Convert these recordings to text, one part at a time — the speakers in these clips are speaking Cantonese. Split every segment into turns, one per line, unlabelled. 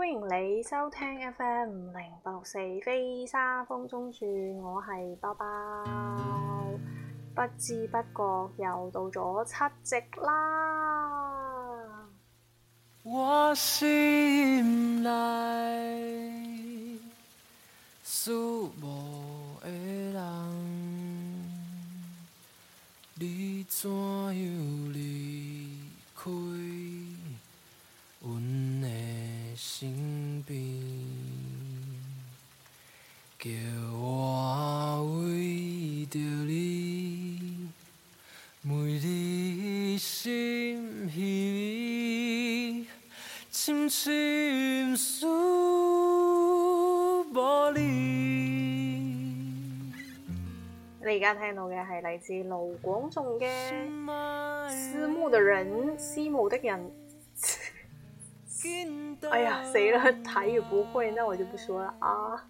歡迎你收聽 FM 零八六四，飛沙風中轉，我係包包，不知不覺又到咗七夕啦。我
心內思慕的人，你怎樣叫我為着你，每日心稀微，深深思慕你。
你而家聽到嘅係來自盧廣仲嘅《思慕的人》，思慕的人。 哎呀，死啦，台語也不會，那我就不說了啊。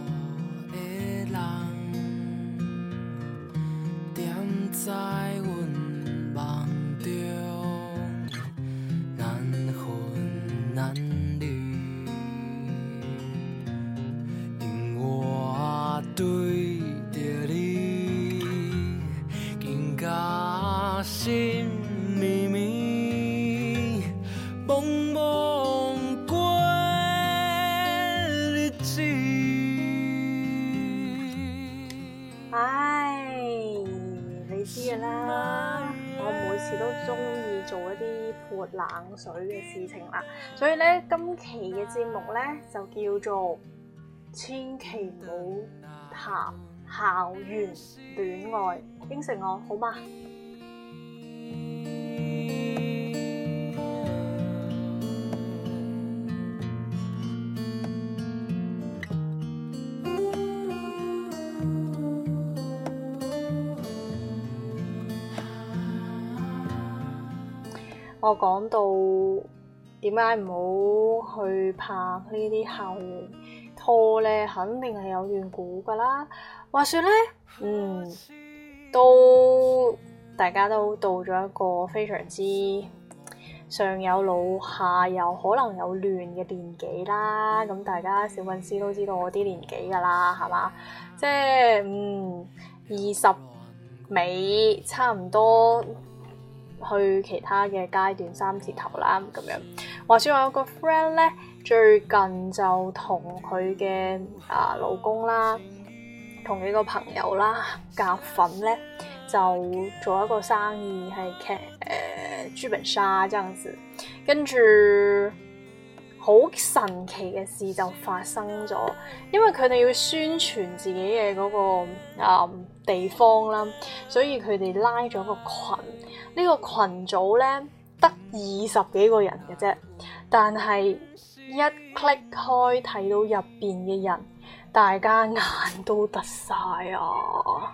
潑冷水嘅事情啦，所以咧今期嘅節目咧就叫做千祈唔好談校園戀愛，應承我，好嘛？我講到點解唔好去拍呢啲校園拖呢，肯定係有緣故㗎啦。話說呢，嗯，都大家都到咗一個非常之上有老下又可能有亂嘅年紀啦。咁大家小粉絲都知道我啲年紀㗎啦，係嘛？即係，嗯，二十尾差唔多。去其他嘅階段三字頭啦咁樣，話說我有個 friend 咧，最近就同佢嘅啊老公啦，同幾個朋友啦夾份咧，就做一個生意係劇誒豬皮沙，這樣子跟住。好神奇嘅事就發生咗，因為佢哋要宣傳自己嘅嗰、那個、嗯、地方啦，所以佢哋拉咗個群。這個、呢個群組咧得二十幾個人嘅啫，但係一 click 開睇到入邊嘅人，大家眼都凸
晒啊！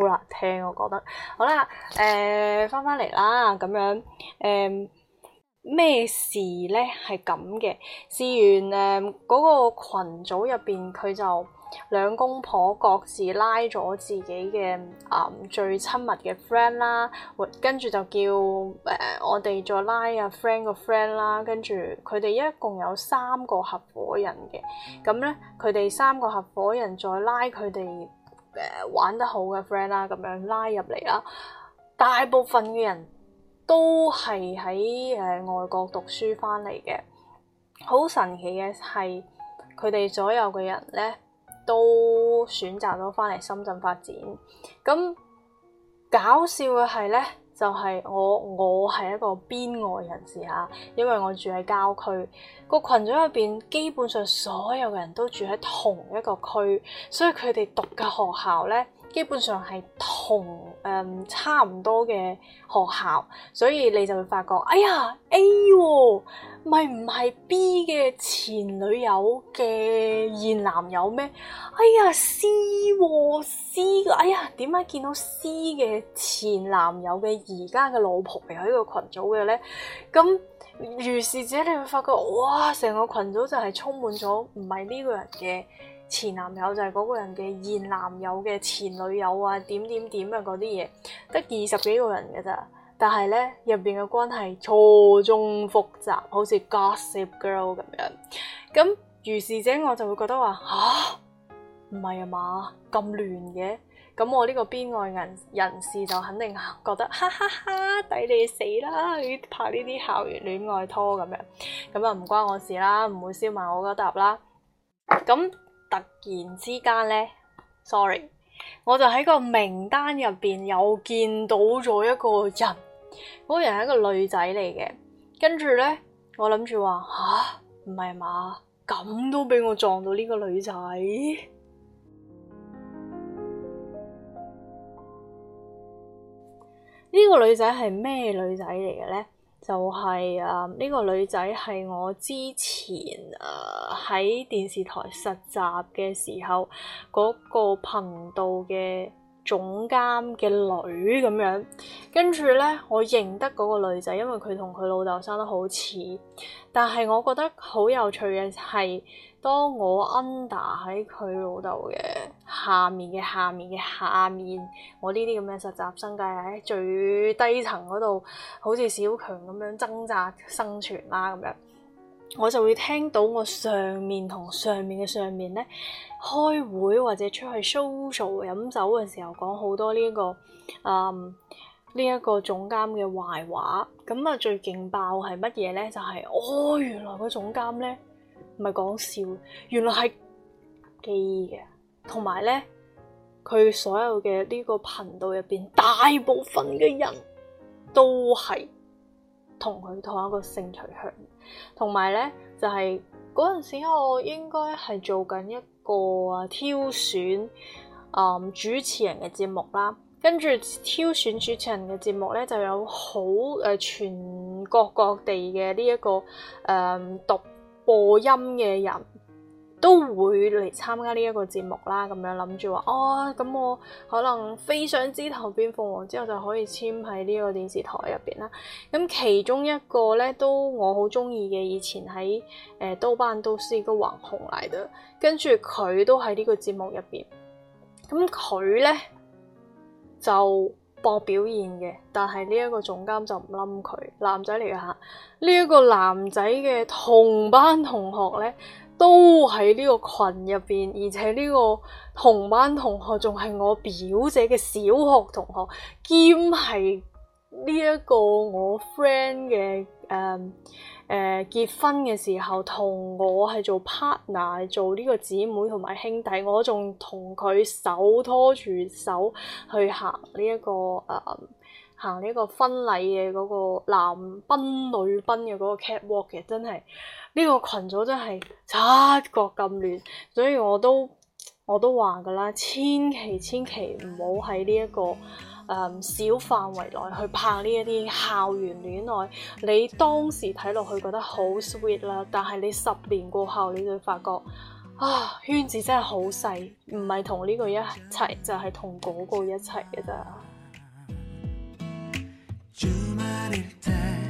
好難聽，我覺得。好啦，誒、呃，翻翻嚟啦，咁樣誒，咩、呃、事咧？係咁嘅。試完誒嗰個羣組入邊，佢就兩公婆各自拉咗自己嘅啊、嗯、最親密嘅 friend 啦，跟住就叫誒、呃、我哋再拉啊 friend 個 friend 啦，跟住佢哋一共有三個合伙人嘅。咁咧，佢哋三個合伙人再拉佢哋。誒，玩得好嘅 friend 啦，咁樣拉入嚟啦。大部分嘅人都係喺誒外國讀書翻嚟嘅，好神奇嘅係，佢哋所有嘅人咧，都選擇咗翻嚟深圳發展。咁搞笑嘅係咧。就係我，我係一個邊外人士嚇，因為我住喺郊區，個群組入邊基本上所有嘅人都住喺同一個區，所以佢哋讀嘅學校咧。基本上係同誒、嗯、差唔多嘅學校，所以你就會發覺，哎呀 A 喎、哦，咪唔係 B 嘅前女友嘅現男友咩？哎呀 C 喎、哦、C 嘅哎呀點解見到 C 嘅前男友嘅而家嘅老婆嚟喺個群組嘅咧？咁如是者，你會發覺，哇！成個群組就係充滿咗唔係呢個人嘅。前男友就係嗰個人嘅現男友嘅前女友啊，點點點啊嗰啲嘢，得二十幾個人嘅咋？但係咧，入邊嘅關係錯綜複雜，好似 Gossip Girl 咁樣。咁於是者我就會覺得話嚇，唔係啊嘛，咁亂嘅。咁我呢個邊外人人士就肯定覺得哈哈哈哈，抵你死啦！你拍呢啲校園戀愛拖咁樣，咁啊唔關我事啦，唔會燒埋我嗰沓啦。咁突然之間咧，sorry，我就喺個名單入邊又見到咗一個人，嗰人係一個女仔嚟嘅。跟住咧，我諗住話吓？唔係嘛，咁都俾我撞到呢個女仔？呢個女仔係咩女仔嚟嘅咧？就係、是、啊！呢、嗯這個女仔係我之前誒喺、呃、電視台實習嘅時候嗰、那個頻道嘅。總監嘅女咁樣，跟住咧我認得嗰個女仔，因為佢同佢老豆生得好似，但係我覺得好有趣嘅係，當我 under 喺佢老豆嘅下面嘅下面嘅下，下面，我呢啲咁嘅實習生就係喺最低層嗰度，好似小強咁樣掙扎生存啦、啊、咁樣。我就會聽到我上面同上面嘅上面咧開會或者出去 social 飲酒嘅時候講好多呢、這、一個啊呢一個總監嘅壞話，咁啊最勁爆係乜嘢咧？就係、是、哦，原來個總監咧唔係講笑，原來係 gay 嘅，同埋咧佢所有嘅呢個頻道入邊大部分嘅人都係。同佢同一個性取向，同埋咧就係嗰陣時我應該係做緊一個啊挑選嗯主持人嘅節目啦，跟住挑選主持人嘅節目咧就有好誒、呃、全國各，各地嘅呢一個誒、嗯、讀播音嘅人。都會嚟參加呢一個節目啦，咁樣諗住話哦，咁我可能飛上枝頭變鳳凰之後就可以簽喺呢個電視台入邊啦。咁、嗯、其中一個咧都我好中意嘅，以前喺誒都班都斯嗰橫紅嚟嘅，跟住佢都喺、嗯、呢個節目入邊。咁佢咧就搏表現嘅，但係呢一個總監就唔冧佢，男仔嚟嘅，呢一個男仔嘅同班同學咧，都喺呢個群入邊，而且呢個同班同學仲係我表姐嘅小學同學，兼係呢一個我 friend 嘅誒誒結婚嘅時候同我係做 partner，做呢個姊妹同埋兄弟，我仲同佢手拖住手去行呢、這、一個誒、嗯、行呢一個婚禮嘅嗰個男賓女賓嘅嗰個 cat walk 嘅、er，真係～呢個群組真係七國咁亂，所以我都我都話噶啦，千祈千祈唔好喺呢一個誒、嗯、小範圍內去拍呢一啲校園戀愛。你當時睇落去覺得好 sweet 啦，但係你十年過後你就會發覺啊，圈子真係好細，唔係同呢個一齊就係同嗰個一齊嘅咋。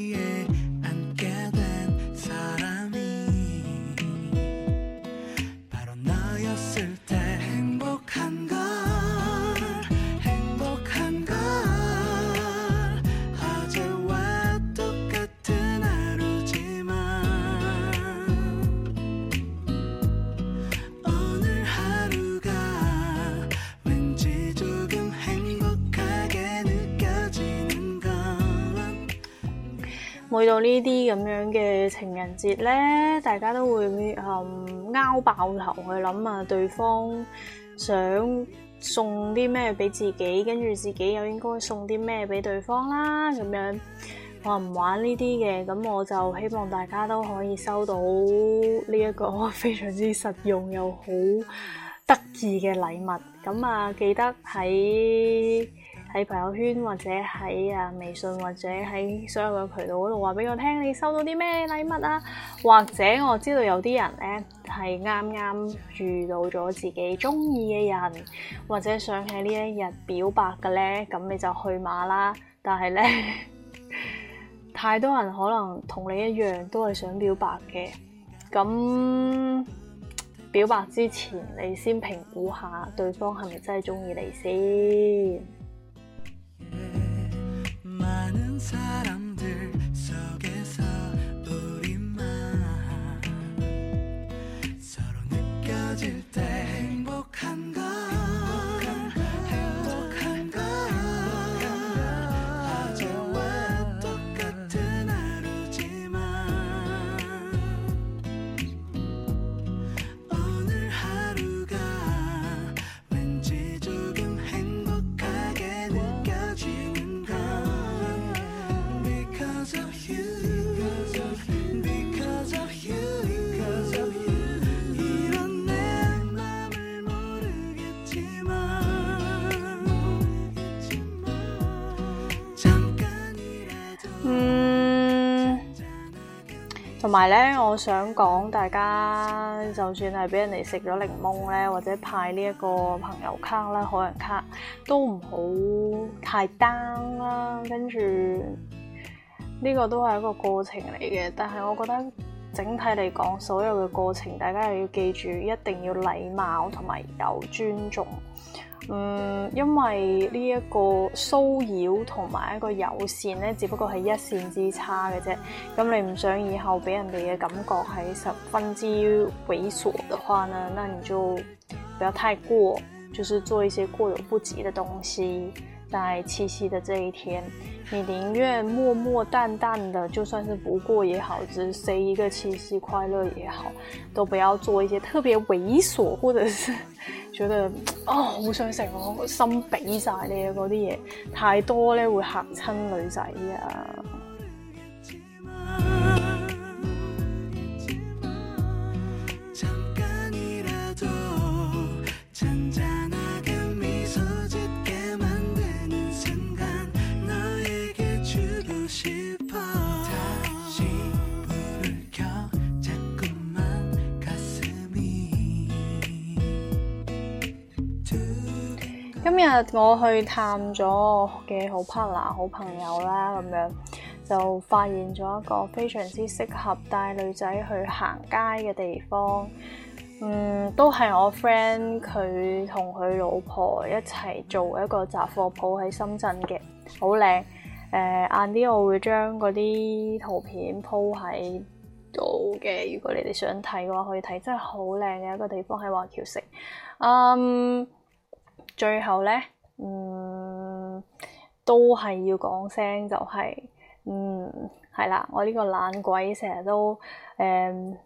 每到呢啲咁樣嘅情人節咧，大家都會誒拗爆頭去諗啊，對方想送啲咩俾自己，跟住自己又應該送啲咩俾對方啦。咁樣我唔玩呢啲嘅，咁我就希望大家都可以收到呢一個非常之實用又好得意嘅禮物。咁啊，記得喺～喺朋友圈或者喺啊微信或者喺所有嘅渠道嗰度話俾我聽你收到啲咩禮物啊，或者我知道有啲人咧係啱啱遇到咗自己中意嘅人，或者想喺呢一日表白嘅咧，咁你就去馬啦。但係咧， 太多人可能同你一樣都係想表白嘅，咁表白之前你先評估下對方係咪真係中意你先。同埋咧，我想講，大家就算係俾人哋食咗檸檬咧，或者派呢一個朋友卡啦、好人卡，都唔好太 down 啦。跟住呢個都係一個過程嚟嘅，但係我覺得。整體嚟講，所有嘅過程，大家又要記住，一定要禮貌同埋有尊重。嗯，因為呢一個騷擾同埋一個友善咧，只不過係一線之差嘅啫。咁你唔想以後俾人哋嘅感覺係十分之猥瑣嘅話呢，那你就不要太過，就是做一些過猶不及嘅東西，但係七夕的這一天。你寧願默默淡淡的，就算是不過也好，只 say 一個七夕快樂也好，都不要做一些特別猥瑣或者是覺得啊好、哦、想食我、哦、心俾晒你嗰啲嘢，太多咧會嚇親女仔啊。今日我去探咗我嘅好 partner 好朋友啦，咁樣就發現咗一個非常之適合帶女仔去行街嘅地方。嗯，都係我 friend 佢同佢老婆一齊做一個雜貨鋪喺深圳嘅，好靚。誒、呃，晏啲我會將嗰啲圖片鋪喺度嘅，如果你哋想睇嘅話，可以睇，真係好靚嘅一個地方喺華僑城。嗯。最後咧，嗯，都係要講聲，就係、是，嗯，係啦，我呢個懶鬼成日都，誒、嗯，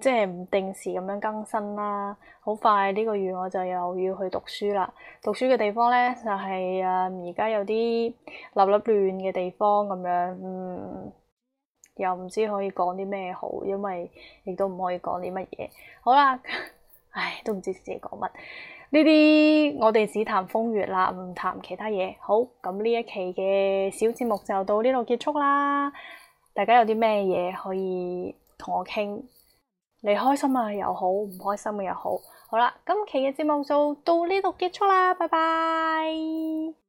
即係唔定時咁樣更新啦、啊。好快呢個月我就又要去讀書啦。讀書嘅地方咧就係、是、啊，嗯、而家有啲立立亂嘅地方咁樣，嗯，又唔知可以講啲咩好，因為亦都唔可以講啲乜嘢。好啦，唉，都唔知自己講乜。呢啲我哋只談風月啦，唔談其他嘢。好，咁呢一期嘅小節目就到呢度結束啦。大家有啲咩嘢可以同我傾，你開心啊又好，唔開心嘅又好。好啦，今期嘅節目就到呢度結束啦，拜拜。